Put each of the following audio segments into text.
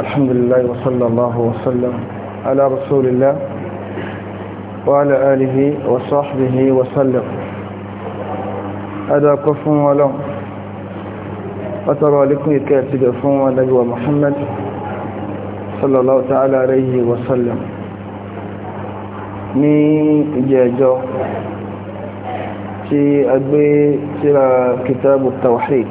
الحمد لله وصلى الله وسلم على رسول الله وعلى آله وصحبه وسلم هذا كف ولم أترى لكم الكاتب فون نبي محمد صلى الله تعالى عليه وسلم ní ìjẹ́jọ́ tí a gbé tíra kìtàbù tawhid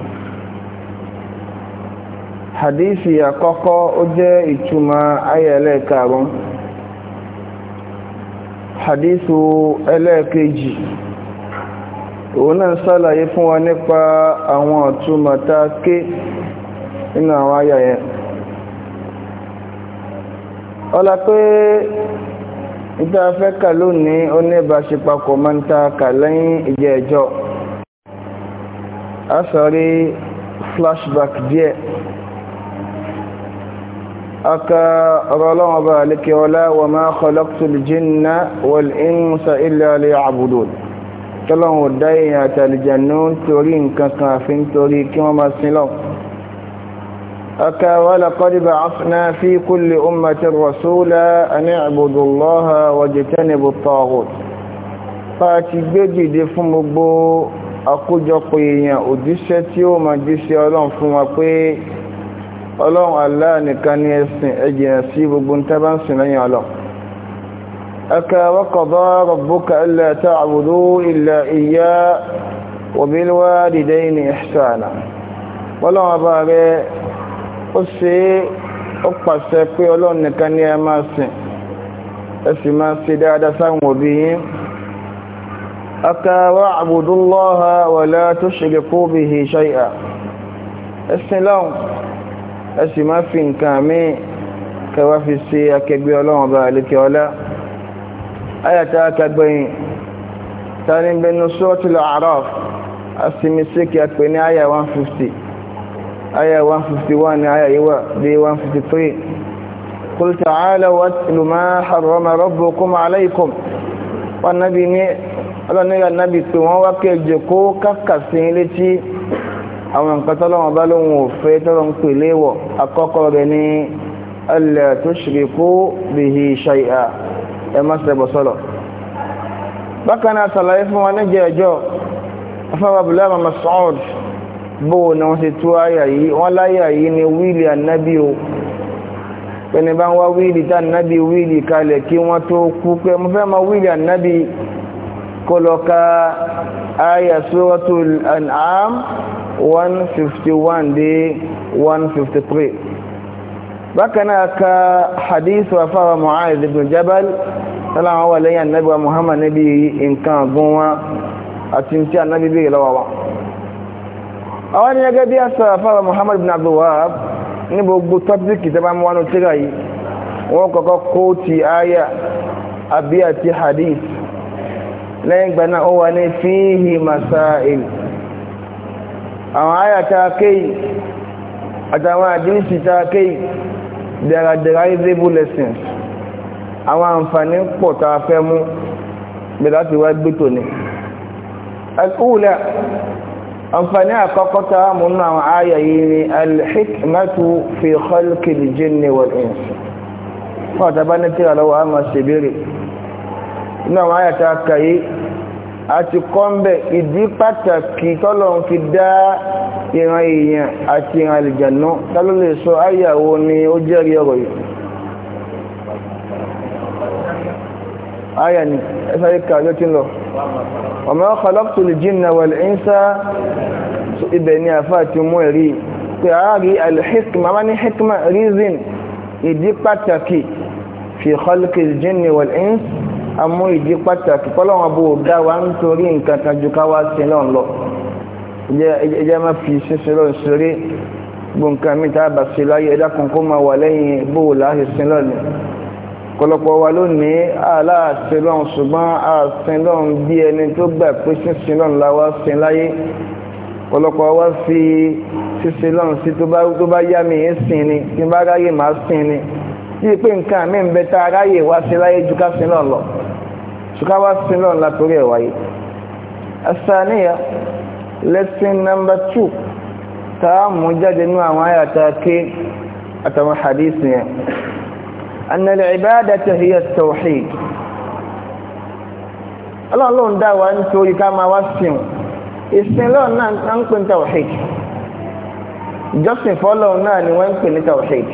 hadisi àkọ́kọ́ ó jẹ́ ìtumọ̀ ituma karùn-ún hadisu ẹlẹ́ẹ̀kejì òun náà sálàyé fún wa nípa àwọn ọ̀túnmọ̀ tá ké nínú àwọn ayà yẹn ọlá pé ìta fẹ́ kà lónìí ó ní ìbáṣepapọ̀ máa ń ta kà lẹ́yìn ìjẹ́ ẹjọ́ a sọ rí flashback díẹ̀ أكا رلوم ذلك ولا وما خلقت الجن والإنس إلا ليعبدون tọ́lọ́run ọ̀dá èèyàn àtàlìjànú ń torí nǹkan kan àfi ń torí kí wọ́n máa sin lọ. aka walaqad ba'athna fi kulli ummatin rasula ani i'budu Allaha wajtanibu ọlọ́run Allah nìkan ní ẹ̀sìn ẹ̀jìnà sí gbogbo ń tẹ́bá ń sìn lẹ́yìn ọlọ́run aka waqada rabbuka alla ta'budu illa iya wa bil walidayni ihsana ọlọ́run ọba rẹ̀ ó ṣe ó pàṣẹ pé ọlọ́run nìkan ní ẹ máa sìn ẹ sì máa ṣe dáadáa sáwọn òbí yín aka wa'budu Allaha wa la tushriku bihi shay'a ẹ̀sìn lọ́run ẹ sì má fi nǹkan mi kẹwàá fi ṣe akẹgbẹ́ ọlọ́run ọba àlékè ọlá ayàtà akẹgbẹ́yìn tani bẹnu suratul A'raf asimisi kí a pè ní àyà 150 àyà 151 ni àyà yìí wà dé 153 قل تعالوا واتلوا ما حرم ربكم عليكم والنبي ni ọlọ́nà ìyà nábì pé wọ́n wá kẹjẹ kó kákàsí létí àwọn nǹkan tọ́lọ́wọ́n bá lóhun òfin tọ́lọ́ ń pè léwọ̀ àkọ́kọ́ rẹ̀ ní alla tushriku bihi shay'a ẹ má ṣẹbọ sọ́lọ̀ bákan náà sàlàyé fún wa níjẹ́ ẹjọ́ afẹ́wà bùlámà Mas'ud bó ni wọ́n ti tú àyà yìí wọ́n láyà yìí ni wíìlì ànábì Suratul An'am 151 dé 153 bákan náà ka hadith wa fáwọn Mu'adh ibn Jabal tọ́láwọn wà lẹ́yìn ànábì wa Muhammad níbi nǹkan ọ̀gùn wọn àti tí ànábì bí ìlọ́wọ́ wọn àwọn ni gẹ́gẹ́ bí àṣà fáwọn Muhammad ibn Abdul Wahhab ní gbogbo tọ́pìkì tẹ́ bá mú wánú tíra yìí wọ́n kọ́kọ́ kó ti àyà àbí àti hadith lẹ́yìn gbaná ó wà ní fíhì masáìlì àwọn àyà ta kéyì àtàwọn àdínsì ta kéyì there are derivable lessons àwọn àǹfààní pọ̀ ta fẹ́ mú bẹ̀rẹ̀ láti wá gbé tòní al'ula àǹfààní àkọ́kọ́ ta mú nínú àwọn àyà yìí ni alhikmatu fi khalqil jinni wal ins fún àtàbánitíra lọ́wọ́ àti kọ́ńbẹ̀ ìdí pàtàkì tọ́lọ́run fi dá ìran èèyàn àti ìran àlìjànú tálọ́ lè sọ ayàwó ni ó jẹ́rìí ọ̀rọ̀ yìí ayà ni ẹsà ìkà ló ti lọ ọmọ khalaqtu al-jinna wal-insa ibẹ̀ ni àfá àti mú ẹ̀rí pé àárí al wá ní hikma reason ìdí pàtàkì fi khalqi al-jinni wal-insa amú ìdí pàtàkì kọ́lọ́wọ́n bó dá wa ń torí nǹkan kan ju ká wá sí náà lọ ẹjẹ́ má fi sísin lọ́n sórí gbọ̀ǹkan mi tá a bà sí láyé ẹ̀dá kan kó máa wà lẹ́yìn bó láàyè sí náà ni kọ̀lọ̀pọ̀ wa lónìí aláàsìn lọ́n ṣùgbọ́n àsìn lọ́n bí ẹni tó gbà pé sísin lọ́n la wá sí láyé kọ̀lọ̀pọ̀ wa fi sísin lọ́n sí tó bá yá mi ń sìn ni tí bá ráyè máa sìn ni bí pé nǹkan mi ń bẹ tá a ráyè wá sí láyé ju ká sí náà lọ ṣùgbọ́n wá sí lọ́nà torí ẹ̀ wáyé asaniya lesson number two tá a mú jáde nínú àwọn àyàtà ké àtàwọn hadith yẹn anna al-ibadata hiya at-tawhid ọlọ́run ló ń dá wa nítorí ká máa wá sìn ìsìn lọ́run náà ń pè ní tawhid ìjọsìn fọ́lọ́run ni wọ́n ń pè ní tawhid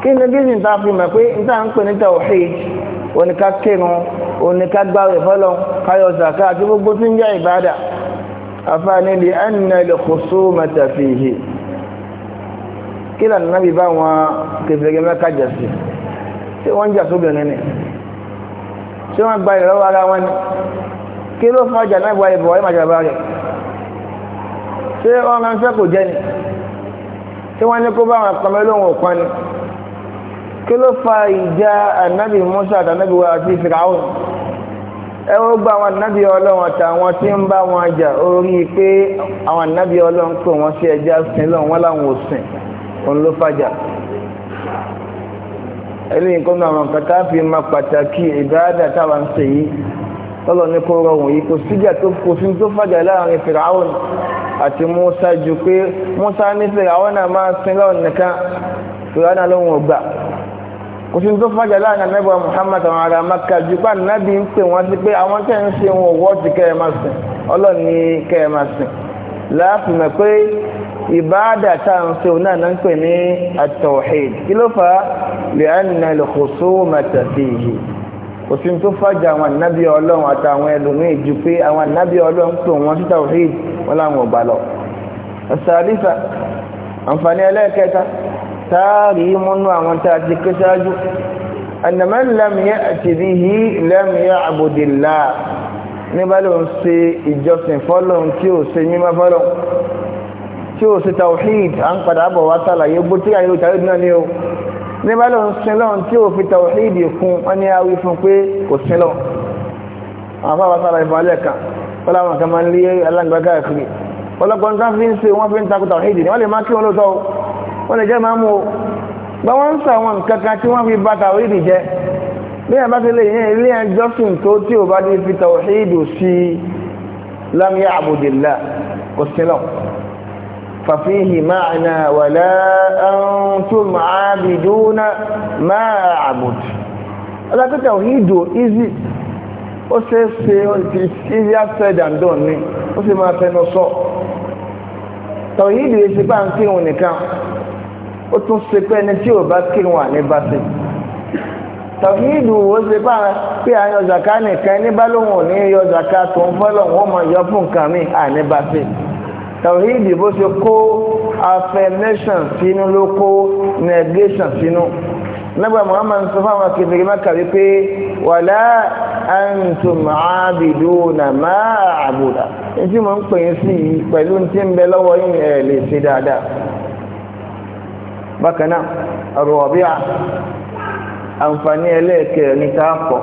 kí ni ta fi mọ̀ pé ní ta ń pè ní oníká kírun oníká gbáwé fọlọ káyọ sàká àti gbogbo tí ń jẹ ìbáàdà àfààní li anna al-khusumata fihi kí lànà náà bí bá wọn kẹfẹgẹ Mẹ́kà jà sí tí wọn jà sóbìnrin ni tí wọn gba ìrọwọ ara wọn ni kí ló fún ọjà náà gba ìbọn ẹ màjàmbá rẹ ṣé wọn ránṣẹ́ kò jẹ ni tí wọn ní kó bá wọn pamẹ lóhùn òkan ni. kí ló fa ìjà ànábì Musa àtànábì wa àti Firaun ẹ gba àwọn ànábì Ọlọ́run àtàwọn tí ń bá wọn jà orí pé àwọn ànábì Ọlọ́run kò wọ́n sí ẹja sin lọ́run wọn làwọn ò sìn òun ló fàjà eléyìí àwọn a fi máa pàtàkì ìbáradà táwa ń sè yìí lọ́lọ́ ní kó rọrùn yìí kò síjà tó kò sí tó Musa ju pé Musa ní Firaun náà máa sin nìkan Firaun náà ló ń wọ̀ gbà. kò sí tó fàjà láàrin anábìwá Muhammad àwọn ará Maka jùpá nábì ń pè wọ́n sí pé àwọn tẹ̀ ń ṣe wọn wọ́ ti kẹ́ ẹ máa sìn ọlọ́run ní kẹ́ ẹ máa sìn láàfin mọ̀ pé ìbáàdà tá à ń ṣe òun náà ń pè ní at-tawhid kí ló fà á lè ànà al-khusumata fihi kò sí tó fàjà àwọn anábì ọlọ́run àtàwọn ẹlòmíì ju pé àwọn anábì ọlọ́run pè wọ́n sí tawhid wọn láwọn ò bá lọ. àṣà àdìsá àǹfààní ẹlẹ́ẹ̀kẹta táàrí múnú àwọn tá a ti ké ṣáájú ànàmọ́ lẹ́mìíyà àti ríhi lẹ́mìíyà àbòdìlá níbà ló ń ṣe ìjọsìn fọ́lọ́n tí ò ṣe mímọ́ fọ́lọ́n tí ò ṣe tawhid à ń padà bọ̀ wá sàlàyé gbó tí àyè òtàrí náà ni o níbà ló ń sin lọ́n tí ò fi tawhid kún wọn ni a wí fún pé kò sin lọ́n àwọn afáwọn sàlàyé fún alẹ́ kan wọ́n láwọn kan máa ń lé alágbàgà kiri ọlọ́gbọ́n tán fi ń tawhid ni wọ́n lè má kí wọn lóòótọ́ wọ́n lè jẹ́ máa mú o bá wọ́n ń sọ àwọn nǹkan kan tí wọ́n fi bá tàwíìdì jẹ́ bí yàrá bá ti lè yẹn ilé ẹjọ́sìn tó tí ò bá ti fi tàwíìdì sí lam ya'budillah kò sílọ̀ fàfihì ma'na wala antum 'abiduna ma a'budu ọlọ́pẹ́ tàwíìdì easy ó ṣe é ṣe easier said than done ni ó sì máa fẹnu sọ tàwíìdì èsì pàǹkì òun nìkan ó tún ṣe pé ẹni tí ò bá kírun àní bá ṣe tọ̀kì ìdù wo ṣe bá pé à ń yọ zaka nìkan ẹni bá lóhùn ò ní yọ zaka tó ń fọ́ lọ́hùn ó mọ̀ yọ fún nǹkan mi àní bá ṣe tọ̀kì bó ṣe kó affirmation sínú ló kó negation sínú nígbà Muhammad sọ fáwọn kìfìrí mẹ́ka wípé wàlá antum abiduna ma àbùdá ní tí mo ń pè é sí pẹ̀lú tí ń bẹ lọ́wọ́ yín ẹ̀ lè ṣe dáadáa bákan náà ọ̀rọ̀ ọ̀bí à àǹfààní ẹlẹ́ẹ̀kẹ́ ní káàkọ́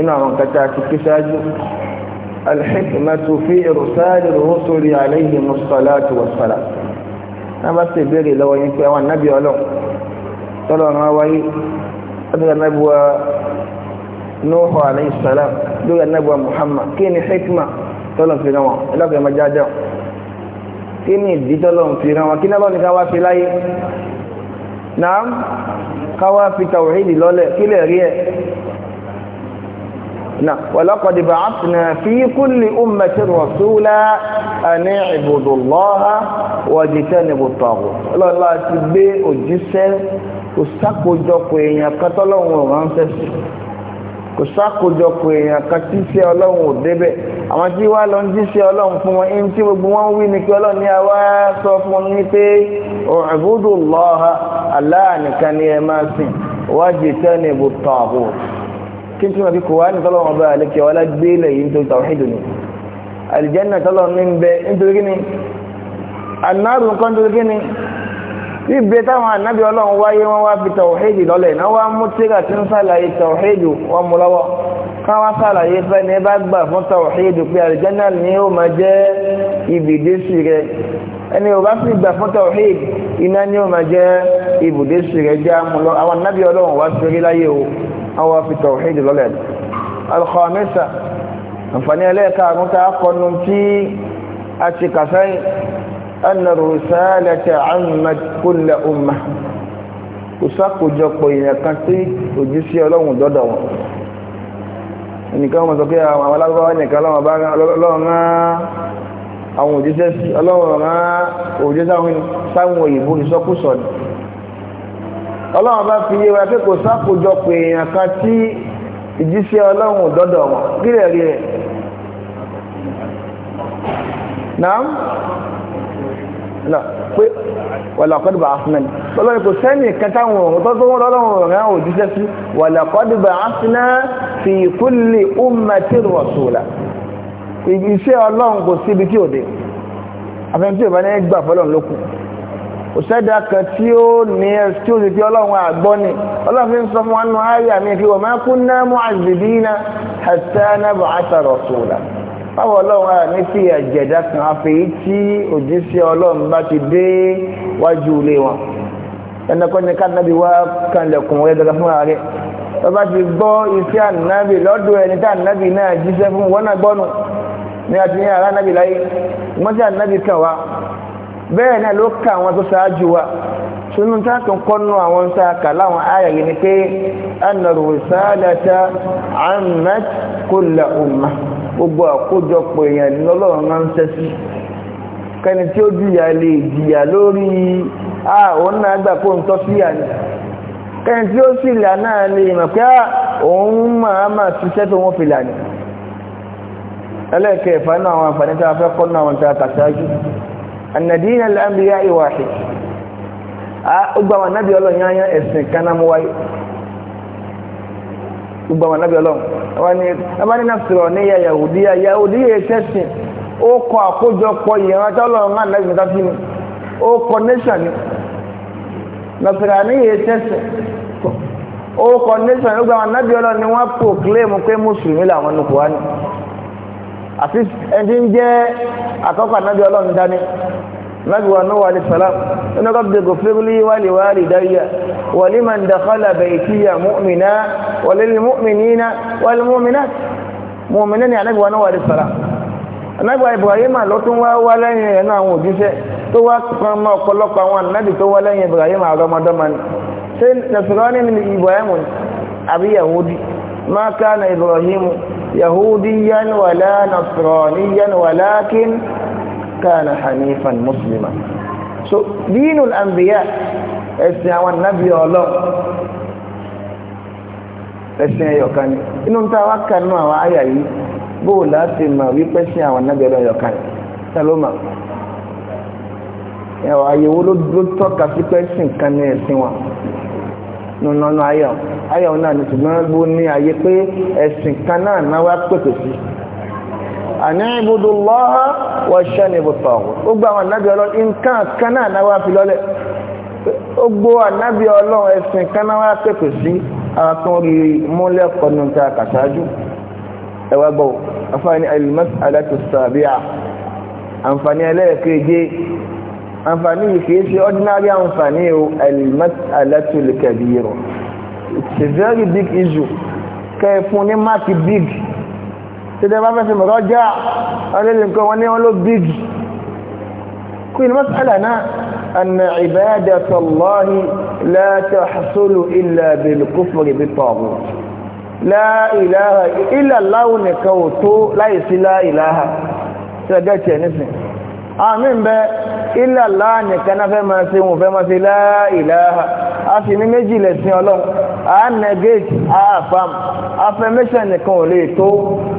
inú àwọn kata àti kíṣáájú alhikmatu fi irsali rusuli alayhi musallatu wassalam náà bá sì béèrè lọ́wọ́ yín pé àwọn ànábì ọlọ́run tọ́lọ̀ ọ̀run wáyé lọ́dọ̀ anábìwa nuhu alayhi salam lórí anábìwa muhammad kí ni hikma tọ́lọ̀ fi rán wọn ẹlọ́pẹ̀ ẹ̀mọ́jájá kí ni ìdí tọ́lọ̀ fi rán kí náà bá nìkan wá sí láyé náà káwá fi tàwíìdì lọ́lẹ̀ kílẹ̀ rí ẹ̀ náà walaqad ba'athna fi kulli ummatin rasula an i'budu Allaha wajtanibu at-taghut ọlọ́lá ti gbé òjíṣẹ́ òṣàkójọpọ̀ èèyàn kátọ́lọ́run ránṣẹ́ kò sákòjọpọ̀ èèyàn kan tí iṣẹ́ ọlọ́run ò débẹ̀ àwọn tí wàá lọ ń jíṣẹ́ ọlọ́run fún wọn ẹni tí gbogbo wọn wí ni pé ọlọ́run ní àwa sọ fún ní pé ọ̀rẹ́bùdù lọ́ha Allah ni ẹ máa sìn wájú ìtẹ́ ní ìbò tán àbò kí n túmọ̀ bí kò wá ní tọ́lọ́run ọba àlekè ọlá gbé ilẹ̀ nítorí tàwíìdù ni àlìjẹ́nà tọ́lọ́run ní ń bẹ nítorí kí ni àná ibẹ̀ táwọn ànábì ọlọ́run wáyé wọ́n wá fi tàwọ̀hídì lọ́lẹ̀ náà wá mú tíra tí ń sàlàyé tàwọ̀hídì wọ́n mú lọ́wọ́ káwá sàlàyé fẹ́ni bá gbà fún tàwọ̀hídì pé àlùjánnà ni ó máa jẹ́ ibùdésì rẹ ẹni ò bá sì gbà fún tàwọ̀hídì iná ni ó máa jẹ́ ibùdésì rẹ jẹ́ àmúlọ àwọn ànábì ọlọ́run wá sórí láyé o wọ́n wá fi tàwọ̀hídì lọ́lẹ̀ alkhamisa àǹfààní ẹlẹ́ẹ̀kaàrún tá a tí a ti kà أن الرسالة عمت كل أمة kò sákòjọpọ̀ èèyàn kan tí òjíṣẹ́ ọlọ́run dọ́dọ̀ wọn ẹnìkan wọn sọ pé àwọn alágbáwá nìkan ọlọ́run bá ọlọ́run rán àwọn òjíṣẹ́ sí ọlọ́run rán òjíṣẹ́ sáwọn òyìnbó ìsọkúsọ ni ọlọ́run bá fi yé wa pé kò sákòjọpọ̀ èèyàn kan tí ìjíṣẹ́ ọlọ́run dọ́dọ̀ wọn kí rẹ̀ rí rẹ̀ náà náà pé wàlàkọ́dùbà áfínàní lọ́lọ́ni kò sẹ́ni kẹtàwọn ọ̀rọ̀ tó wọ́n lọ́lọ́run rẹ̀ ò jíṣẹ́ sí wàlàkọ́dùbà áfínà fi kulli ummatin rasula iṣẹ́ ọlọ́run kò síbi tí ò dé afẹ́ni tí ò bá ní gbà fọlọ́run lókun òṣèdá kan tí ó ní tí ó sì fi ọlọ́run àgbọ́ ni ọlọ́run fi ń sọ fún wa nù áyà mi kí wọ́n máa kunna mu'azzibina hatta nab'atha rasula báwo ọlọ́run ara ní fi àjẹ̀dá kan àfẹ́yí tí òjíṣẹ́ ọlọ́run bá ti dé wájú ilé wọn ẹnìkanì kánábì wá kanlẹ̀kùn rẹ̀ dandan fúnra rẹ̀ tó bá ti gbọ́ iṣẹ́ ànábì lọ́dọ̀ ẹni tí ànábì náà jíṣẹ́ fún wọn náà gbọ́nù ní àti ní ara ànábì láyé wọ́n ti ànábì kàn wá bẹ́ẹ̀ náà ló kà àwọn tó ṣáájú wa sunu ta tun kọnu àwọn ta kàlá àwọn àyà yìí ni pé anàrùsálàta àmàt kùlà ummah gbogbo àkójọpọ̀ èèyàn lọ́lọ́run ránṣẹ́ sí kẹni tí ó jìyà lè jìyà lórí àwọn náà gbà kó ń tọ́ sí àná kẹni tí ó sì là náà lè mọ̀ pé òun máa máa ṣiṣẹ́ tó wọ́n fi là ní ẹlẹ́ẹ̀kẹfà náà àwọn àǹfààní tí a fẹ́ kọ́ náà àwọn tí gbogbo àwọn anábì ọlọ́run wọn ni abáni náà sọ̀rọ̀ ní ya yahudiya yahudiya ṣẹ́sìn ó kọ àkójọpọ̀ ìran tọ́lọ́run náà lẹ́gbẹ̀ẹ́ tá fún mi ó kọ nation ni nasaraniya ṣẹ́sìn ó kọ nation gbogbo àwọn anábì ọlọ́run ni wọ́n proclaim pé mùsùlùmí làwọn nùkú wá ni àti ẹni tí ń jẹ́ àkọ́kọ́ anábì ọlọ́run dání نجوى نوى للسلام إن رب اغفر لي ولوالدي ولمن دخل بيتي مؤمنا وللمؤمنين والمؤمنات مؤمنين يعني نجوى نوى للسلام نجوى إبراهيم لو tún ولا wá lẹ́yìn ẹ̀nà àwọn òjíṣẹ́ tó wá kan mọ́ ọ̀pọ̀lọpọ̀ àwọn ànábì tó سين lẹ́yìn من إبراهيم أبي يهودي ما كان إبراهيم يهوديا ولا نصرانيا ولكن كان hanifan muslima so dinul anbiya ẹ̀sìn àwọn الله، ọlọ́ ẹ̀sìn ẹ̀yọ̀kan ni inú ta wá kan náà àwọn àyà yìí bóò láti mà wípé sí àwọn nábì ọlọ́ ẹ̀yọ̀kan sálọ́mà ẹ̀wọ̀ àyẹ̀wò ló tọ́ka sí pé sìn kan ní ẹ̀sìn wọn nínú náà ni ṣùgbọ́n gbó ayé pé ẹ̀sìn kan náà wá pèpè sí i àníbùdó lọ́ha wà ṣẹ́nìbù tọ̀hún ó gbà àwọn ànábì ọlọ́run nǹkan kan náà náà wá fi lọ́lẹ̀ ó gbó ànábì ọlọ́run ẹ̀sìn kan náà wá pèpè sí àwọn tó rí múlẹ̀ kọ́nù tá a kà ṣáájú ẹ̀wà gbọ́ àǹfààní alimas alatu sàbíà àǹfààní it's a very big issue kẹ́ fún ní máàkì big tẹ́lẹ̀ bá fẹ́ fi mọ̀rọ̀ já ọlẹ́lẹ́ nǹkan wọn ní wọn ló big kú inú mọ́sálà náà anna ibadatu Allahi la tahsulu illa bil kufri bit taghut la ilaha illa Allah nìkan ò tó láì sí la ilaha ṣe gẹ́ẹ̀tì nísìn àmì ń bẹ illa nìkan náà fẹ́ máa ṣe wọn fẹ́ máa ṣe la a sì ní méjì lẹ̀sìn ọlọ́run a negate a affirm affirmation nìkan ò lè tó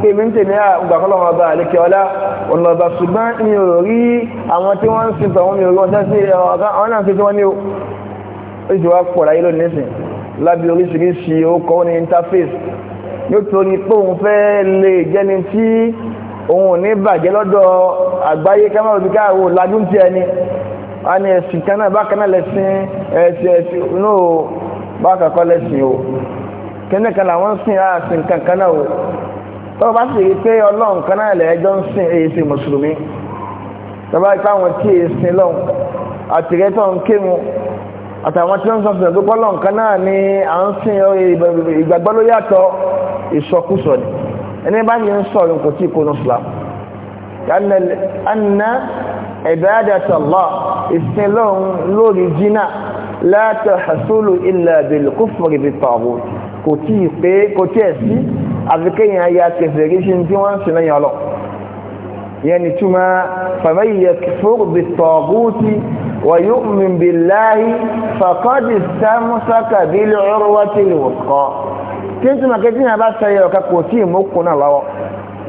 pé mi ń tèmi à gbàkọ́lọ́wọ́ ọba àlékè ọlá ọ̀nà ọba ṣùgbọ́n mi ò rí àwọn tí wọ́n ń sin tọ̀hún mi ò rí wọn sẹ́sí ọ̀gá àwọn náà ń sin tí wọ́n ní o ó sì wá pọ̀ láyé lónìí nísìn lábí oríṣiríṣi ó kọ́ ní interface nítorí pé òun fẹ́ lè jẹ́ni tí òun ò ní bàjẹ́ lọ́dọ̀ àgbáyé kámẹ́rù bí káàwó lajúntì ẹni a ní ẹ̀sìn kan náà bákan náà lẹ́sìn ẹ̀sìn ẹ̀sìn ní o bákan kọ́ lẹ́sìn o kíní kan làwọn ń sìn àsìn kankan náà o tọ́wọ́ bá sì rí pé ọlọ́run kan náà lẹ́ẹ̀jọ́ ń sìn èyí sí mùsùlùmí tọ́wọ́ bá ipá wọn tí èyí sìn lọ́hùn àtìrẹ́tọ̀ ń kírun àtàwọn tí wọ́n sọ fún ẹ̀dúgbọ́ lọ́n kan náà ni à ń sìn ìgbàgbọ́ ló yàtọ̀ ìsọkúsọ ni ẹni bá yẹn ń sọ ọ̀rùn kò tí kò ní fìlà anna ìbádàtàlá ìsinlọ́run lórí jìnnà látọ̀ hasulu ilẹ̀ abẹ́lẹ̀kúfọ̀rì bìtọ̀rù kò tí ì pé kò tí ẹ̀ sí àfikẹ́yìn ayé akẹfẹ̀rí sí tí wọ́n ń sin lẹ́yìn ọlọ́ yẹn ni túmọ̀ fàmẹ́yìí yẹkfọ́rù bìtọ̀rù ti ويؤمن بالله فقد استمسك بالعروة الوثقى كنت ما كنت أبا سيئة كوتي مكونا لوọ́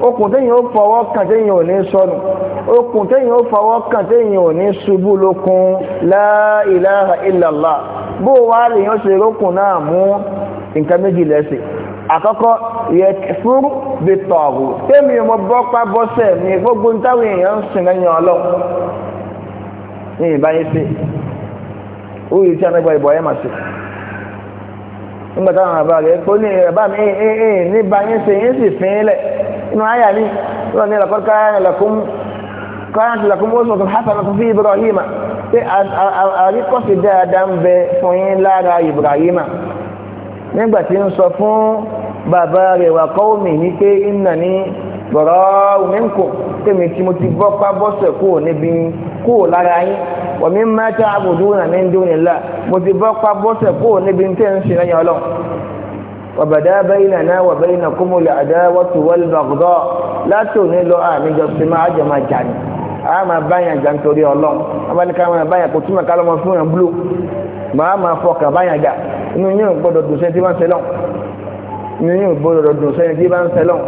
okùn téèyàn ó fọwọ́ kàn téèyàn ò ní sọnù okùn téèyàn ó fọwọ́ kàn téèyàn ò ní ṣubú lókun la ilaha illallah bó wá lèyàn ṣe rókùn náà mú nǹkan méjì lẹ́sìn àkọ́kọ́ yẹ fún bitọ̀ọ̀gù tẹ́mi mo bọ́ pa bọ́sẹ̀ mi gbogbo ń táwọn èèyàn ń sìn lẹ́yìn ọlọ́ ní ìbáyé sí ó yìí tí a nígbà ìbọ̀ ẹ̀ mà sí nígbà táwọn àbá rẹ̀ kó ní ẹ̀bá mi ní ìbáyé sí yín sì fín lẹ̀ inú àyà mi wọ́n ní lọ́kọ́ káyàtì lakum uswatun hasanatun fi Ibrahima pé àríkọ́sí dáadáa ń bẹ fún yín lára Ibrahima nígbà tí ń sọ fún bàbá rẹ̀ wà qawmi ní pé innani bara'u minkum tèmi tí mo ti bọ́ pa bọ́sẹ̀ kúrò níbi kúrò lára yín wa mimma ta'buduna min dunillah mo ti bọ́ pa bọ́sẹ̀ kúrò níbi tẹ́ ń ṣe lẹ́yìn Ọlọ́run وبدا بيننا وبينكم العداوة والبغضاء لا تنلوا آمين جسما أجمع جاني أما بايا جان توري الله أما نكما بايا كتما كلام فينا بلو ما ما فوق بايا جا نيو بدو دوسين تيمان سلام نيو بدو دوسين تيمان سلام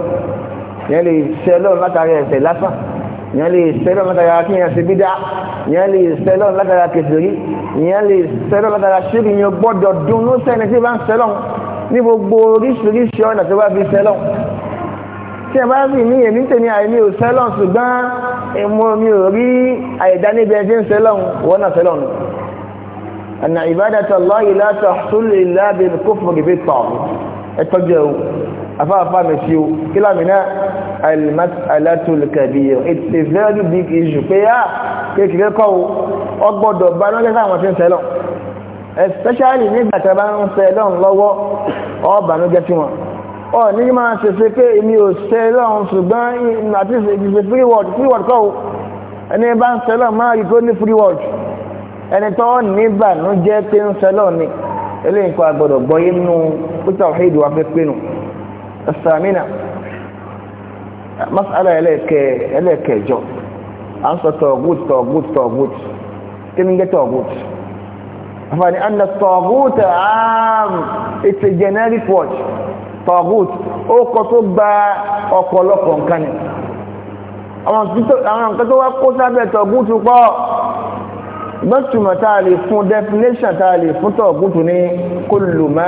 yẹn lè ṣe lọ́run látara ẹ̀ṣẹ̀ lásán yẹn lè ṣe lọ́run látara kíyàn sí bídá yẹn lè ṣe lọ́run látara kẹsìrí yẹn lè ṣe lọ́run látara ṣírí yẹn gbọ́dọ̀ dùn ní sẹ́ni tí bá ń ṣe lọ́run ní gbogbo oríṣiríṣi ọ̀nà tó bá fi sẹ́lọ̀n tí ẹ bá sì ní èmi tèmi àìní ò sẹ́lọ̀n ṣùgbọ́n èmo mi ò rí àìdá níbi ẹni tí ń sẹ́lọ̀n wọ́n náà sẹ́lọ̀n nù àná ìbádàtà lọ́yìn látọ̀ súnlẹ̀ lábẹ́ kó fòrè bí tọ̀ ẹtọ́jú ẹ̀wò afáfá mi sí o kí lámìnà al-mas'alatul kabira it's a very big issue pé á ah, kékeré kọ́ o ọgbọ́dọ̀ bá lọ́jọ́ sáwọn tí ń sẹ́lọ̀n especially nígbà tí ń ṣe lọ́n lọ́wọ́ tí ọ ní máa ṣe ṣe pé èmi ò ṣe lọ́n ṣùgbọ́n àti ìṣe free word free word ẹni bá ń ṣe lọ́n máa rí tó ní free ẹni tó ní ìbànújẹ́ ń ṣe lọ́n ni eléyìí kọ́ agbọ́dọ̀ gbọ́ yé peter masala à ń sọ àfààní anna taghut am it's a generic word taghut ó kọ tó gba ọ̀pọ̀lọpọ̀ nǹkan ni àwọn nǹkan tó wá kó sábẹ́ taghut pọ̀ gbọ́tùmọ̀ tá a lè fún definition tá a lè fún taghut ní kullu ma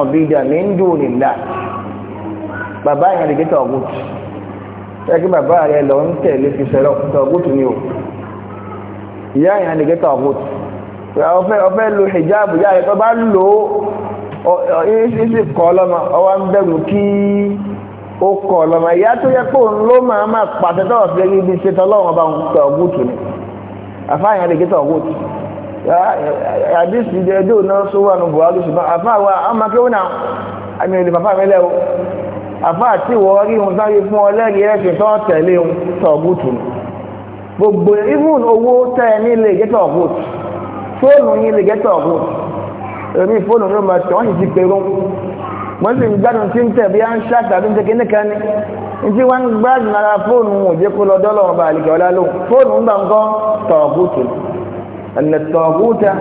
ubida min dunillah bàbá yẹn lè gé taghut ẹgbẹ́ bàbá rẹ lọ ń tẹ̀lé fi sẹ́lọ̀ taghut ni o ìyá yẹn lè gé taghut ọfẹ́ ọfẹ́ lo hijab yá ẹ̀ tó bá ń lò ó ìsì kọ́ ọlọ́mọ ọwọ́ ń bẹ̀rù kí ó kọ́ ọlọ́mọ ìyá tó yẹ pé òun ló máa máa pàṣẹ fi ibi ṣe tọ́lọ́wọ́n bá ń ọ̀gùtù ni lè ọ̀gùtù àdìsí ẹjọ́ náà sọ wà buhari ṣùgbọ́n náà àmì ìlú bàbá mi lẹ́wọ́ sáré fún fóònù yín lè gẹ́tọ̀ ọ̀hún èmi fóònù ló máa tẹ̀ wọ́n sì ti pẹ̀rún wọ́n sì ń gbádùn tí ń tẹ̀ bí a ń ṣàtàdún tẹ́kẹ́ nìkan ni ní tí wọ́n ń gbádùn ara fóònù òjé kó lọ dọ́lọ̀ ọba àlìkẹ́ ọ̀la lóhùn fóònù ń gbà ń kọ́ tọ̀ọ̀gùtù ẹ̀nà tọ̀ọ̀gùtà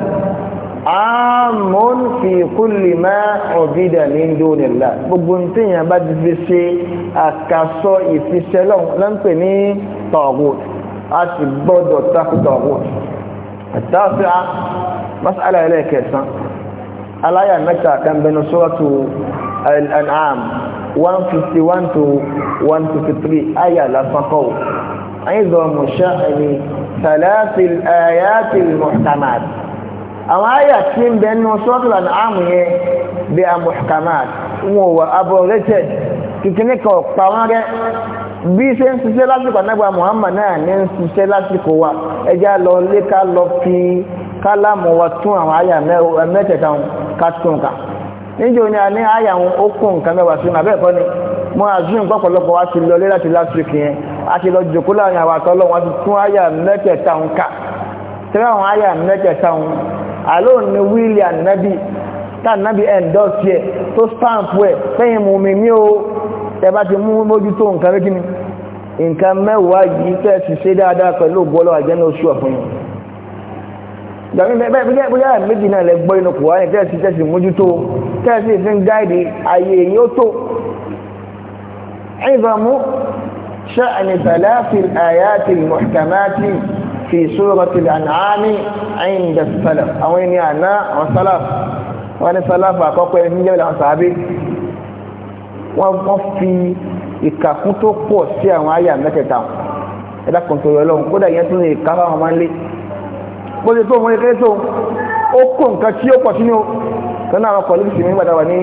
àmọ́n fi kúlì máa ọ̀bídà ní dónìlá gbogbo tí èèyàn bá ti fi ṣe àkàsọ ìfiṣẹ́lọ́ ló ń pè ní tọ̀ọ̀gùtù a sì gbọ́dọ̀ takú tọ̀ọ̀gùtù التاسعة مسألة إليك يا سان الآية متى كان بين سورة الأنعام 151 to 153 آية لا تقو أيضا شأن ثلاث الآيات المحكمات àwọn àyà tí ń bẹ nínú sọ́ọ̀tù àmì yẹn bí i amuhkamat wọn wà bí ṣe ń ṣiṣẹ́ lásìkò anábà Muhammad náà ní ń ṣiṣẹ́ lásìkò wa ẹjá lọ lé ká lọ fi kálámù wa tún àwọn àyà mẹ́tẹ̀ẹ̀ta ká tún ká níjẹ́ òní àní àyà wọn ó kún nǹkan ni mo àzún pọ̀pọ̀lọpọ̀ wa ti lọ lé láti lásìkò yẹn a ti lọ jòkó láàrin àwọn àtọ́lọ́ wọn ti tún àyà mẹ́tẹ̀ẹ̀ta ká tẹ́lẹ̀ àwọn àyà mẹ́tẹ̀ẹ̀ta ni wíìlì ànábì tá ànábì ẹ̀ ń tó stamp wẹ̀ mi tẹ́bá ti mú mójútó nǹkan rí kíni nǹkan mẹ́wàá yìí tẹ́ ti ṣe dáadáa pẹ̀lú ògbọ́lọ́ àjẹ́nà oṣù ọ̀fún yìí gbàmí bẹ́ẹ̀ bóyá bóyá méjì náà lẹ gbọ́ inú kùwárì tẹ́ ti tẹ́sí mójútó tẹ́ sì fi ń gáìdì ayé èyí ó tó ìbámu شأن ثلاث الآيات المحكمات في سورة الأنعام عند السلف أو يعني أنا وسلف وأنا سلف أقوى من جبل عن صحابي wọ́n fi ìkàkún tó pọ̀ sí àwọn àyà mẹ́tẹ̀ẹ̀ta ẹ̀dá kan tó yọ lọ́hùn kódà ìyẹn tún lè ká fáwọn máa ń lé bó ṣe tó wọn kéré tó ó kó nǹkan tí ó pọ̀ sínú o lọ́nà àwọn kọ̀ọ̀lù sì ní gbàdá wà ní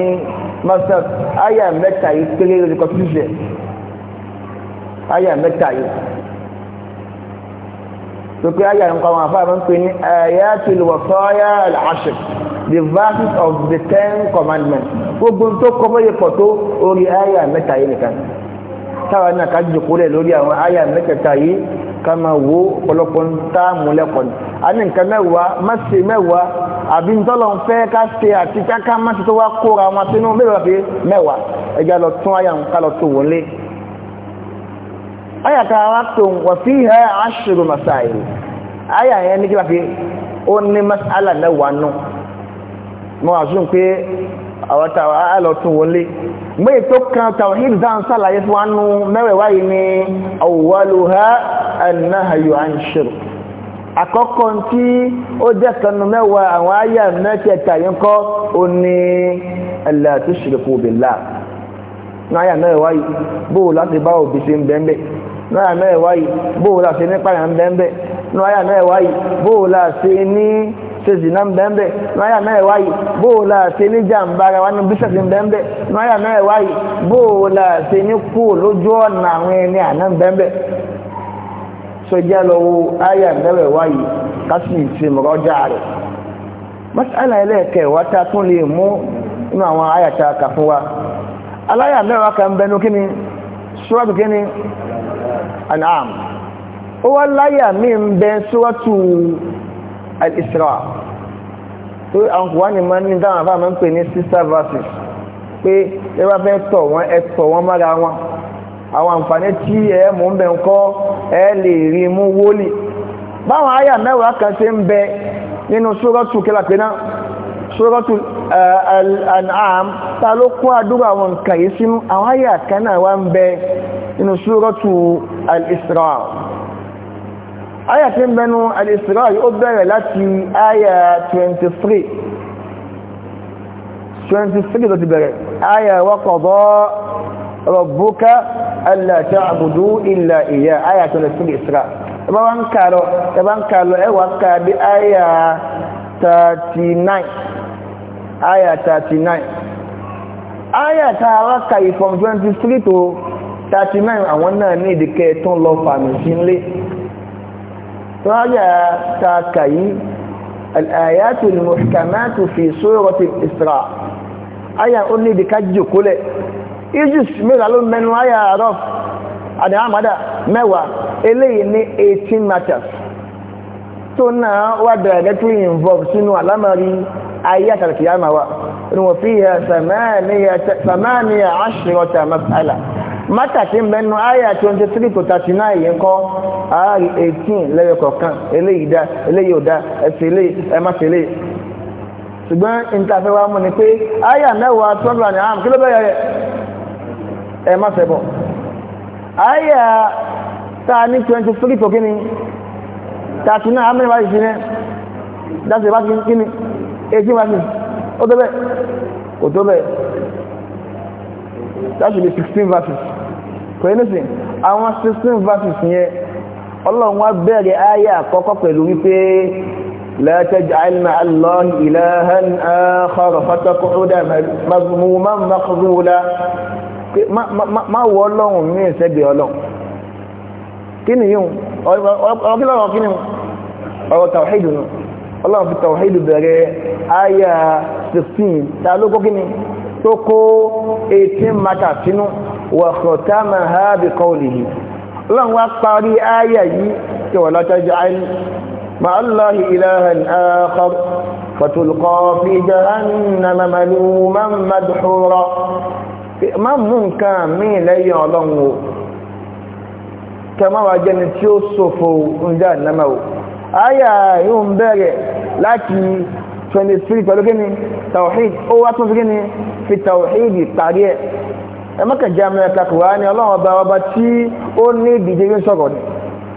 masters àyà mẹ́ta yìí kéré lórí constitution àyà mẹ́ta yìí tó pé àyà nǹkan àwọn àfáà máa ń pè ní ayatul wasaya al-ashr the verses of the ten commandments gbogbo tó kọ́mọ́ yẹ pọ̀ tó orí àyà mẹ́ta yìí nìkan táwa náà ká jòkó lẹ̀ lórí àwọn àyà mẹ́tẹ̀ẹ̀ta yìí ká máa wo ọ̀pọ̀lọpọ̀ ń tá múlẹ̀kọ̀ ni a ní nǹkan mẹ́wàá má ṣe mẹ́wàá àbí ntọ́lọ̀ ń fẹ́ ká ṣe àti káká má ṣe tó wá kóra wọn sínú mẹ́wàá fi mẹ́wàá ẹja lọ tún àyà ń lọ tó wọlé. àyà ká wá tó wọ́n fi hẹ́ àṣírò màsáyé àyà yẹn ní kí wọ́n fi ó ní masala mẹ́wàá náà mọ́ àṣùn pé àwọn tàwa àlọ́tún wọlé gbé tó kan tawhid zan sàlàyé fún wánú mẹ́wẹ̀wá yìí ni awwaluha annahyu an shirk àkọ́kọ́ tí ó jẹ́ kanu mẹ́wàá àwọn àyà mẹ́tẹ̀ẹ̀ta yìí kọ́ ó ní alla tushriku sezi na ń bẹ́ẹ̀ bẹ́ẹ̀ náírà mẹ́rẹ̀ẹ́wá yìí bóòlà ní wa ní bíṣọ̀tì ń bẹ́ẹ̀ bẹ́ẹ̀ náírà mẹ́rẹ̀ẹ́wá ní kú lójú ọ̀nà àwọn ẹni àná so bẹ́ẹ̀ lọ́wọ́ ayà mẹ́rẹ̀ẹ́wá kásì ti mọ̀rọ́jà rẹ̀ wa anam mi al-isra tó àwọn kò wá ní máa ní dáhùn àbá máa ń pè ní sister verses pé ẹ bá fẹ́ tọ̀ wọ́n ẹ tọ̀ wọ́n mára wọn àwọn àǹfààní tí ẹ mú ń bẹ̀ ń kọ́ ẹ lè rí mú wólì báwọn àyà mẹ́wàá kan ṣe ń bẹ nínú sórọ́tù kílápẹ́ náà sórọ́tù al-an'am ta ló kó àdúrà àwọn nǹkan yìí sí àwọn àyà kan náà wá ń bẹ nínú sórọ́tù al-isra aya tí ń bẹnu al ó bẹ̀rẹ̀ láti aya 23 23 tó ti bẹ̀rẹ̀ aya wa qada rabbuka alla ta'budu illa iya aya 23 Isra ẹbá wá ń kà lọ ẹbá ń kà ẹwà ń kà bí aya 39 aya 39 aya tá a wá kàyí from 23 to 39 àwọn náà ní ìdíkẹ́ tó ń lọ fàmì sí nílé فهذا تاكي الآيات المحكمات في سورة الإسراء أي أني بكجو كله إجس مغلو من ويا رف أنا عمد موا إليني 18 matters tó náà wà bẹ̀rẹ̀ tó involve sínú alámàrí ayé àtàkìyàmà wa ni wọ́n fi hẹ sàmáàníyà àṣírọ̀ta masala mátà tí ń bẹnu àyà twenty three to thirty nine yẹn kọ́ àyà eighteen lẹ́yọ kọ̀ọ̀kan eléyìí dá eléyìí ò dá ẹsẹ̀ eléyìí ẹ má ṣe eléyìí ṣùgbọ́n ìtafẹ́ wa mú ni pé àyà mẹ́wàá twelve and a half kí ló bẹ̀rẹ̀ rẹ̀ ẹ má fẹ́ bọ̀ àyà tá a ní twenty three to kíni thirty nine how many wáyé sí ní dáṣe wá sí kíni eighteen wáyé ó tó bẹ́ẹ̀ kò tó bẹ́ẹ̀ that should be sixteen verses pẹ̀lú sí àwọn 16 verses yẹn ọlọ́run wá bẹ̀rẹ̀ ayà àkọ́kọ́ pẹ̀lú wípé la taj'al ma'a Allahi ilahan akhar fataq'uda mazmuman makhzula má wọ ọlọ́run ní ni yíò ọ̀rọ̀ kí lọ́rọ̀ kí ni ọ̀rọ̀ tàwíìdù nù ọlọ́run fi tàwíìdù bẹ̀rẹ̀ ayà 16 ta ló kó kí ni tó kó 18 mata sínú وختمها بقوله الله أكبر آية ولا تجعل مع الله إلها آخر فتلقى في جهنم ملوما مدحورا ما ممكن من لا يعلمه كما وجن تيوسفو نجا نمو آية يوم بره لكن 23 قالوا هو في التوحيد التعريق ẹ mọ́kàn jẹ́ àmì ẹ̀ka kùrá ni ọlọ́run ọba ọba tí ó ní ìdíje yóò sọ̀rọ̀ ni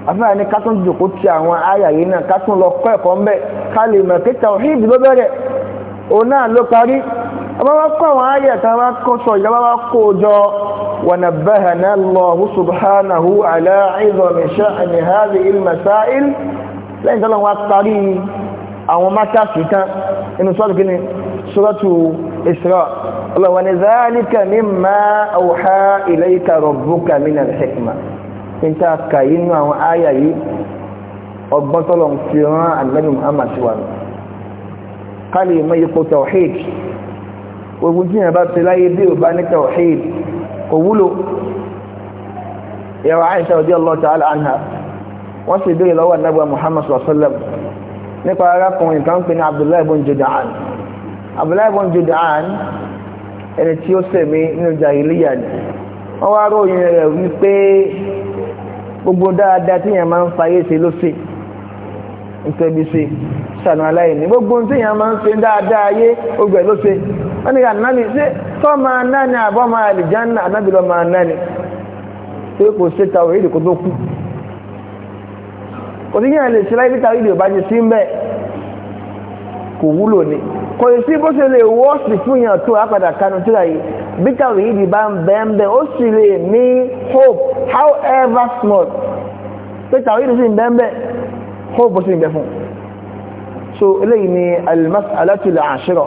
afẹ́rẹ́ ni ká tún jòkó ti àwọn àyà yìí náà ká tún lọ kọ́ ẹ̀kọ́ ń bẹ̀ ká lè mọ̀ kí tawhid ló bẹ̀rẹ̀ òun náà ló parí ọba wa kọ́ àwọn àyà tá a wá kọ́ sọ ìjọba wa kó o jọ ونبهنا الله سبحانه على عظم شأن هذه المسائل lẹ́yìn tọ́lọ̀ wá parí àwọn mátàsì tán inú sọ́rọ̀ gíní sọ́rọ̀tù Isra ọlọ́wọ́ ni záàlìkà mimma awha ilayka rabbuka minal hikma níta kà inú àwọn àyà yìí ọgbọ́n tọ́lọ̀ ń fi rán àgbẹ́nu muhammad wa nù ká lè mọ ipò tawhid ogun tí yẹn bá ti láyé bí ò bá ní tawhid kò wúlò yàrá àìsà radiyallahu ta'ala anha wọ́n sì béèrè lọ́wọ́ anábọ̀ muhammad sallam nípa arákùnrin kan pè ní abdullahi ibn judaan abdullahi ibn judaan ẹni tí ó sẹ̀mí nínú jàhílíyà ni wọ́n wá ròyìn rẹ̀ wípé gbogbo dáadáa tí èèyàn máa ń fayé ṣe ló ṣe ntẹ́bi ṣànà aláìní gbogbo tí èèyàn máa ń ṣe dáadáa ayé ogbẹ̀ ló ṣe wọ́n ní ànábì ṣé tọ́ máa ná àbọ̀ máa àlìjáná ànábì máa kò ṣe tàwọn lè ṣe tàwọn kò sí bó ṣe lè wọ́ọ̀sì fún yàn tó apàdà kanu tíra yìí bí tàwọn yìí di bá ń bẹ́ẹ̀ bẹ́ẹ̀ ó sì lè ní hope however small pé tàwọn yìí sì ń bẹ́ẹ̀ bẹ́ẹ̀ hope sì ń bẹ fún so eléyìí ni al-mas'alatu al-ashira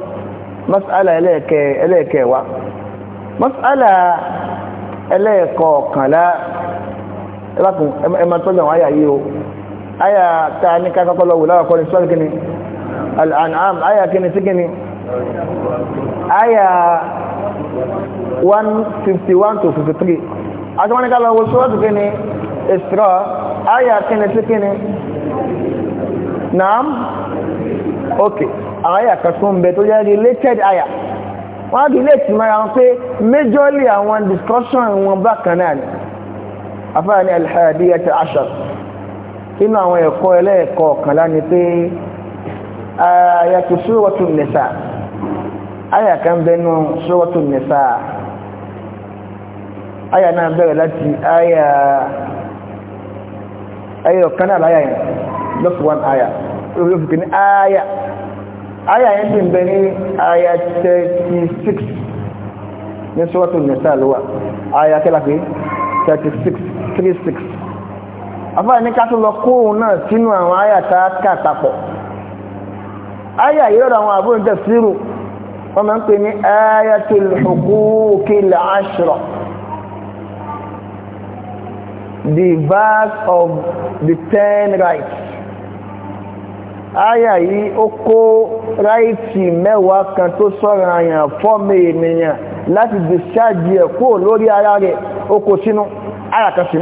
mas'ala ẹlẹ́ẹ̀kẹ́ ẹlẹ́ẹ̀kẹ́ wa mas'ala ẹlẹ́ẹ̀kọ̀ọ̀kànlá ẹlẹ́kùn ẹmọ tọ́jú àwọn àyà yìí o àyà ta ní kákọ́kọ́ lọ wò láwàkọ́ ní sọ́ọ̀kì ni al'an'am aya kíni sí kíni aya 151 to 53 àti wọ́n ní ká lọ wo sọ́ọ̀tù kíni ìsirọ́ aya kíni sí kíni naam ok àwọn aya kan tún bẹ related aya wọ́n á bí ilé ìtìmọ̀ àwọn pé majorly àwọn discussion wọn bákan náà ni afáàní alhadiyata ashar inú àwọn ẹ̀kọ́ ẹlẹ́ẹ̀kọ́ ọ̀kànlá ni pé ka suratu nisa aya kan bẹnu suratu nisa aya na bẹ̀rẹ̀ láti aya ayọ̀ kan náà láyà yẹn one aya olóòfìkì ní aya aya yẹn ti aya 36 suratu nisa ló aya 36 36 afáà ní ká tó lọ kóhun na sinu aya ta ka ayé àyílọ́dọ̀ àwọn àbúrò tafsiru wọ́n máa ń pè ní ayatul huquqil ashra the verse of the ten rights ayà yìí ó kó ráìtì mẹ́wàá kan tó sọ́rọ̀ àyàn fọ́mọ ènìyàn láti dìṣáàjì ẹ̀kọ́ lórí ara rẹ̀ ó kó sínú ayà kan sí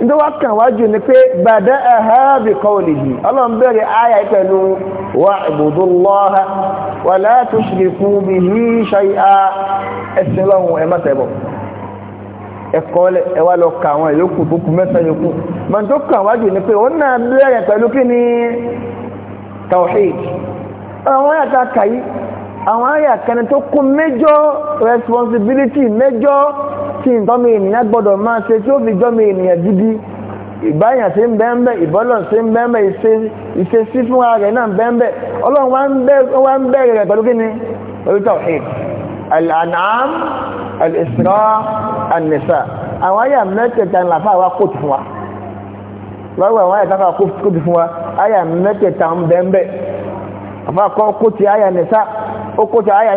ní wá kàn wájú ni pé bàdá àhábì kọ́ọ̀lìhì ọlọ́run bẹ̀rẹ̀ ayà pẹ̀lú wà ìbùdó lọ́ha wà látò ṣìlè fún bí i ṣayí a ẹ̀sìn lọ́hun ẹ̀mọ́tẹ̀bọ̀ ẹ̀kọ́lẹ̀ ẹwà lọ kà àwọn ìyókù tó kù mẹ́ta yókù mọ̀ tó kàn wájú ni pé ó náà bẹ̀rẹ̀ pẹ̀lú kí ni tawhid àwọn àyàká kàyí àwọn àyàkẹni tó major responsibility major tí ìtọ́mi ènìyàn gbọ́dọ̀ máa ṣe tí ó fi jọ́mi ènìyàn gidi ìbáyàn sí ń bẹ́ẹ̀nbẹ́ ìbọ́lọ̀ sí ń bẹ́ẹ̀nbẹ́ ìṣe sí fún ara rẹ̀ náà bẹ́ẹ̀nbẹ́ ọlọ́run wá ń bẹ̀rẹ̀ rẹ̀ pẹ̀lú kíni pẹ̀lú tawhid al-an'am al-isra an-nisa àwọn àyà mẹ́tẹ̀ẹ̀ta ń làfà wá kóòtù fún wa lọ́wọ́ àwọn àyà táfà kóòtù fún wa àyà mẹ́tẹ̀ẹ̀ta ń bẹ́ẹ̀nbẹ́ àfà kọ́ kóòtù àyà nisa ó kó ti àyà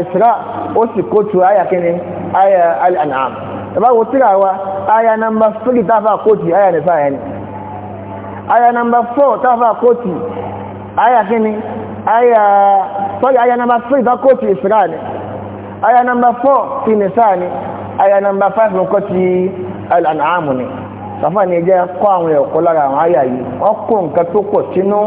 ìṣirà ó sì kó tu àyà kíni àyà al-an'am ìbá wo tíra wa àyà nọmba three táfà kóòtù àyà nìfà yẹn àyà nọmba four táfà kóòtù àyà kíni àyà sọ́yì àyà nọmba three táfà kóòtù ìṣirà ni àyà nọmba four ti nìfà ni àyà nọmba five nǹkan ti al-an'am ni sàfà ni ẹjẹ́ kọ́ àwọn ẹ̀kọ́ lára àwọn àyà yìí wọ́n kó nǹkan tó pọ̀ sínú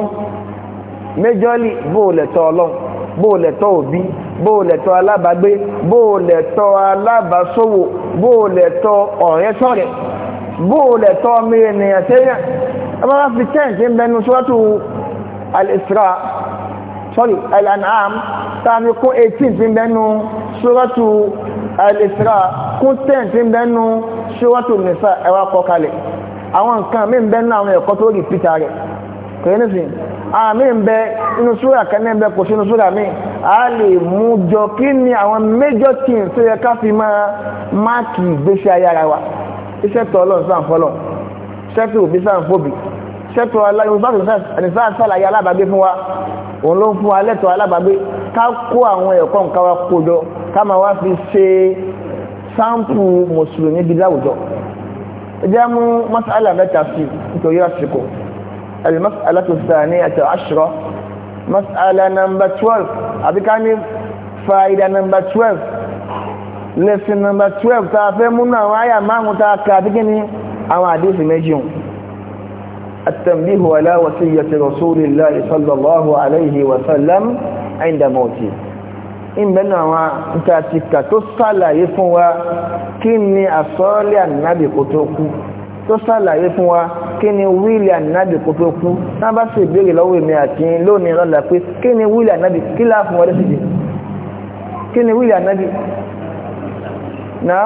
méjọ́lì bóòlẹ̀tọ́ ọlọ́run bóòlẹ̀tọ́ òbí bóòlẹ̀tọ́ alábàgbé bóòlẹ̀tọ́ alábàṣòwò bóòlẹ̀tọ́ ọ̀rẹ́ sọ̀rẹ́ bóòlẹ̀tọ́ ọmọ ènìyàn sẹ́yìn abára fi tẹ́ǹtì ń bẹnu sọ́tù al-Isra sorry al-An'am tàbí kún 18 ti ń bẹnu sọ́tù al-Isra kún 10 ti ń bẹnu sọ́tù nìsa ẹwà kọkalẹ̀ àwọn nǹkan mí ń bẹnu àwọn ẹ̀kọ́ tó rí pítà rẹ̀ kẹ́yìn nísìn àmì ah, ń bẹ inú súrà kẹ́ni ń bẹ kò sí inú súrà mi a lè mú jọ kí ni àwọn major things tó yẹ ká fi máa máàkì ìgbésí ayé ara wa iṣẹ́ tó ọlọ́run sáà ń fọlọ́ iṣẹ́ tó òbí sáà ń fòbí iṣẹ́ tó àníṣáà sàlàyé alábàágbé fún wa òun ló ń fún wa lẹ́tọ̀ọ́ alábàágbé ká kó àwọn ẹ̀kọ́ nǹkan wa kó jọ ká máa wá fi ṣe sáǹpù mùsùlùmí bíi láwùjọ ẹ jẹ́ mú mọ́sálà mẹ́ta sí nítorí àsìkò المسألة الثانية عشرة مسألة نمبر 12 أبيكاني فائدة نمبر 12 lesson number twelve tá منا fẹ́ ما àwọn àyà márùn-ún tá a kà àti kíni àwọn àdéhùn التنبيه على وصية رسول الله صلى الله عليه وسلم عند موته إن بنا تاتيكا تصلى يفوا كني أصلي النبي كتوكو tó sàlàyé fún wa kí ni William Nadi kò tó kú náà bá sì béèrè lọ́wọ́ èmi àti lónìí lọ́la pé kí ni wíìlì ànábì kí láà fún wọlé síbi kí ni wíìlì ànábì náà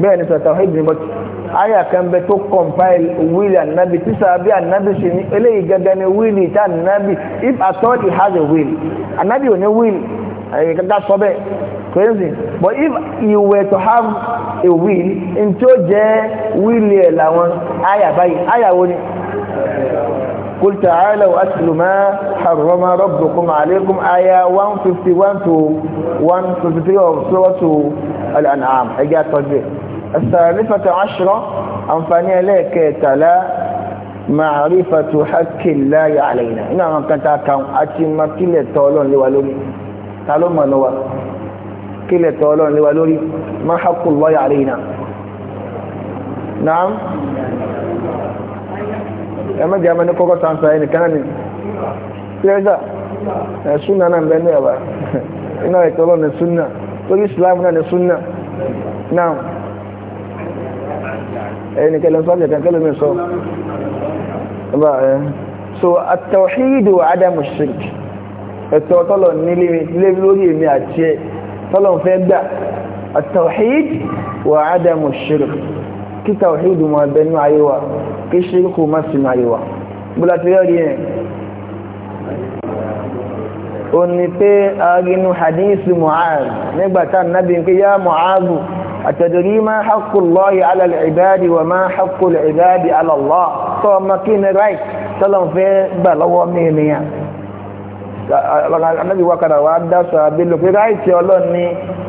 bẹ́ẹ̀ ni sọ̀tà ọ̀hìn ìgbìmọ̀ àyà kan bẹ tó compile William Nadi. tí sàbí ànábì sì ní eléyìí gẹ́gẹ́ ni wíìlì tí ànábì if at all has a will ànábì ò ní will, àyè gẹ́gẹ́ sọ bẹ́ẹ̀ crazy but if you were to have a will n tí ó jẹ́ wíìlì ẹ̀ làwọn àyà báyìí àyà wo ni. قل تعالوا أتل ما حرم ربكم عليكم آية 151 to 153 of سورة الأنعام إجاء التوجيه الثالثة عشرة أنفانية لك تلا معرفة حق الله علينا إنما كانت أتمت لتولون لولون تلوم نوى kílẹ̀ tọ́ ọlọ́run léwa lórí ma haqqullahi alayna naam ẹ má jẹ́ àmọ́ ní kọ́kọ́ sanfa ẹni kan ní pẹ́ẹ́sà ẹ̀ súnà náà bẹ́ẹ̀ ní ẹ̀wà iná ẹ̀tọ́ ọlọ́run ní súnà lórí islam náà ní súnà naam ẹni kẹlẹ́ sọ́ọ́ kẹ̀kẹ́ kẹlẹ́ mi sọ so at-tawhid wa adam ash-shirk ẹ̀tọ́ ọtọ́lọ̀ nílé lórí èmi àti ẹ̀ tọ́lọ̀ fẹ́ gbà at-tawhid wa adamu shirk kí tawhid mọ̀ ẹ̀bẹ̀ nínú ayé wa kí shirk mọ̀ sínú ayé wa bùlá ti rẹ́ rí ẹ̀ ó ní pé aginu hadith mu'az nígbà tá nábì ń pé yá mu'az àtẹ̀dọ̀rí máa haqqullahi ala al-ibadi wa máa haqqul ibadi tọ́ ọmọ kí ni right tọ́lọ̀ fẹ́ gbà lọ́wọ́ mi anábì wákàtà wà dá sọ abẹ́lò pé ráìtì ọlọ́run ní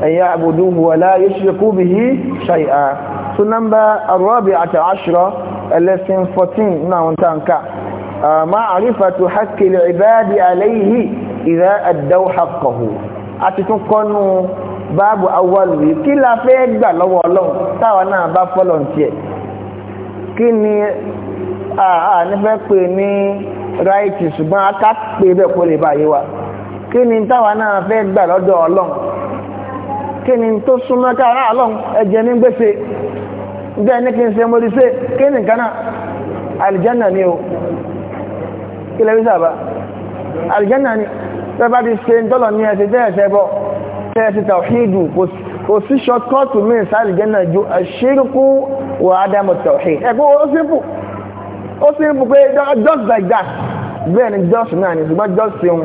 ẹ̀yà àbùdó wọ̀lá yóṣùkú bí i ṣàìhà tó nọ́mbà arọ́bì àti àṣírọ́ ẹlẹ́sìn 14 nínú àwọn táǹkà ma àrífàtò hakil ìbáàdì aláìhì ìrẹ́ àdáwò hakọ̀hù àti tún kọ́nù báàbù awọ́lù yìí kí la fẹ́ gbà lọ́wọ́ ọlọ́run táwa náà bá fọ́lọ̀ ní tiẹ̀ kí ni àà nífẹ́ pè ráìtì ṣùgbọ́n akápè bẹ́ẹ̀ kó lè báyé wa kí ni táwa náà fẹ́ gbà lọ́dọ̀ ọlọ́run kí ni tó súnmọ́ káàrá ọlọ́run ẹ̀jẹ̀ ní gbèsè bẹ́ẹ̀ ní kí n ṣe mórí ṣe kí ni nǹkan náà àlìjánà ni o kí lẹ́bí sábà àlìjánà ni bẹ́ẹ̀ bá ti ṣe dọ́lọ̀ ní ẹ̀ṣẹ̀ tẹ́ ẹ̀ṣẹ̀ bọ́ tẹ́ ẹ̀ṣẹ̀ tàwíìdù kò sí ṣọ́tọ́ọ̀tù mìíràn sáàlìjánà ju àṣírkú wà ádámù tàwíì ẹ̀kọ́ ó simple ó simple pé just like that bẹ́ẹ̀ ni jọ́sìn náà ni ṣùgbọ́n jọ́sìn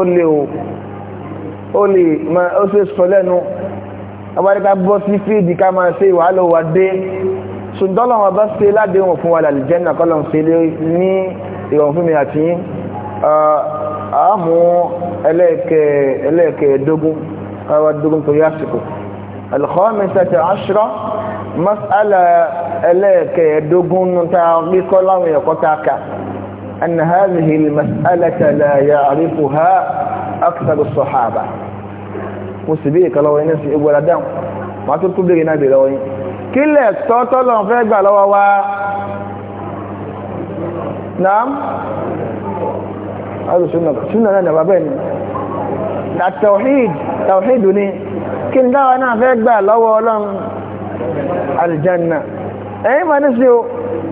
ó lè o ó lè mọ ó ṣe sọ lẹ́nu abáríkà bọ́ sí fíìdì ká máa ṣe ìwàhálà wa dé ṣùgbọ́n wọn bá ṣe ládéhùn fún wa làlìjẹ́nà kọ́lọ̀ ṣe lé ní ìrọ̀rùn fún mi àti yín àmú ẹlẹ́ẹ̀kẹ́ẹ̀dógún káwàdógún torí àsìkò alkhamisata ashra mas'ala ẹlẹ́ẹ̀kẹ́ẹ̀dógún ta rí kọ́láwọn ẹ̀kọ́ ta kà أن هذه المسألة لا يعرفها أكثر الصحابة مسبيك لو ينسي إبو لدام ما تطلب لي نبي لو كل استطلع فيك لو نعم هذا سنة سنة لنا بابين التوحيد توحيد ني كن دعوة أنا فيك لو الجنة أي ما نسيه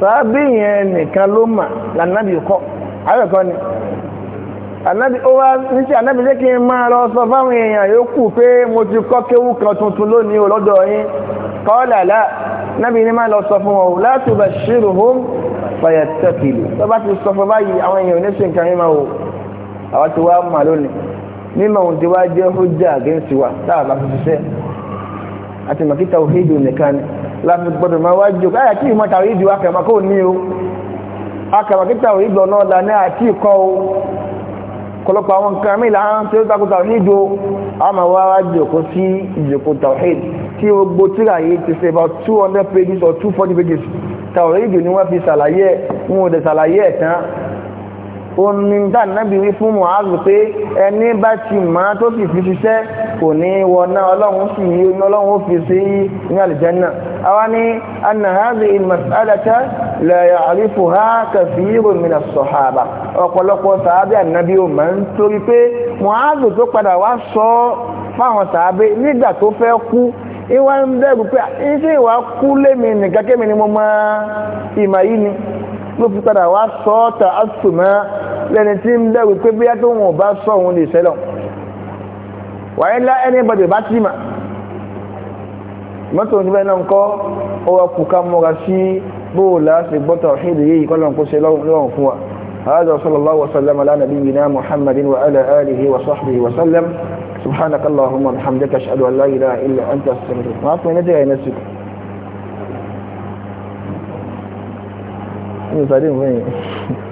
sábì yẹn nìkan ló mà lànàbì kọ́ àwẹ̀kọ́ ni ànábì ó wá níṣẹ́ ànábì jẹ́ kí n máa lọ sọ fáwọn èèyàn yòókù pé mo ti kọ́ kéwú kan tuntun lónìí ọlọ́dọ̀ yín kọ́ọ̀lá là nábì ní máa lọ sọ fún wọn o láti bẹ̀ ṣírò hóm fàyà tẹ́kìlì tó bá ti sọ fún báyìí àwọn èèyàn ò ní ṣe nǹkan yín máa wò àwọn ti wá mà lónìí mímọ̀ ohun tí wá jẹ́ hujja against wa táà bá fi ṣiṣẹ́ àti màkítà òhèdè nìkan ni láti gbọdọ̀ máa wájú káyà kí ìmọ̀ tàwí ìdíwá kẹ̀mọ́ kó ní o akẹ̀mọ̀kítà òhìdọ̀ náà là ní àti ìkọ́ o kọlọpọ̀ àwọn nǹkan mílà ń tí ó takùtà òhìdò àmà wá wájú kó sí ìjòkó tàwíd tí ó gbó tíra yìí ti ṣe about 200 pages or 240 pages tàwídù ni wọ́n fi ṣàlàyé wọn ò dẹ̀ ṣàlàyé ẹ̀ tán onídà nábì wí fún muhazu pé ẹni bá ti mọ̀ tó sì fi ṣiṣẹ́ kò ní wọná ọlọ́run sì yí ní ọlọ́run ó fi sí ní àlìjẹ́nà àwa ní anna hadhihi mas'alata la ya'rifuha kathirun min as-sahaba ọ̀pọ̀lọpọ̀ sàábì ànábì ò máa ń torí pé muhazu tó padà wá sọ fáwọn sàábì nígbà tó fẹ́ kú ìwà ń bẹ̀rù pé iṣẹ́ ìwà kú lémi nìkan kémi ni mo máa ìmà yìí ni ló fi padà wá sọ ọ́ ta àtùmọ́ lẹ́ni tí ń bẹ̀rù pé bí yàtọ̀ wọn bá sọ òun lè sẹ́lọ̀ wàá ńlá anybody bá tì mà mọ́tò níbẹ̀ náà kọ́ ó wá kú ká mọ́ra sí bóòlá sí gbọ́tọ̀ ṣídì yìí kọ́ lọ́n kó ṣe lọ́rùn fún wa هذا صلى الله وسلم على نبينا محمد وعلى آله وصحبه وسلم سبحانك اللهم وبحمدك أشهد أن لا إله إلا أنت أستغفرك ما أطمئن يا نسيك ní ìsàdé ìwé yẹn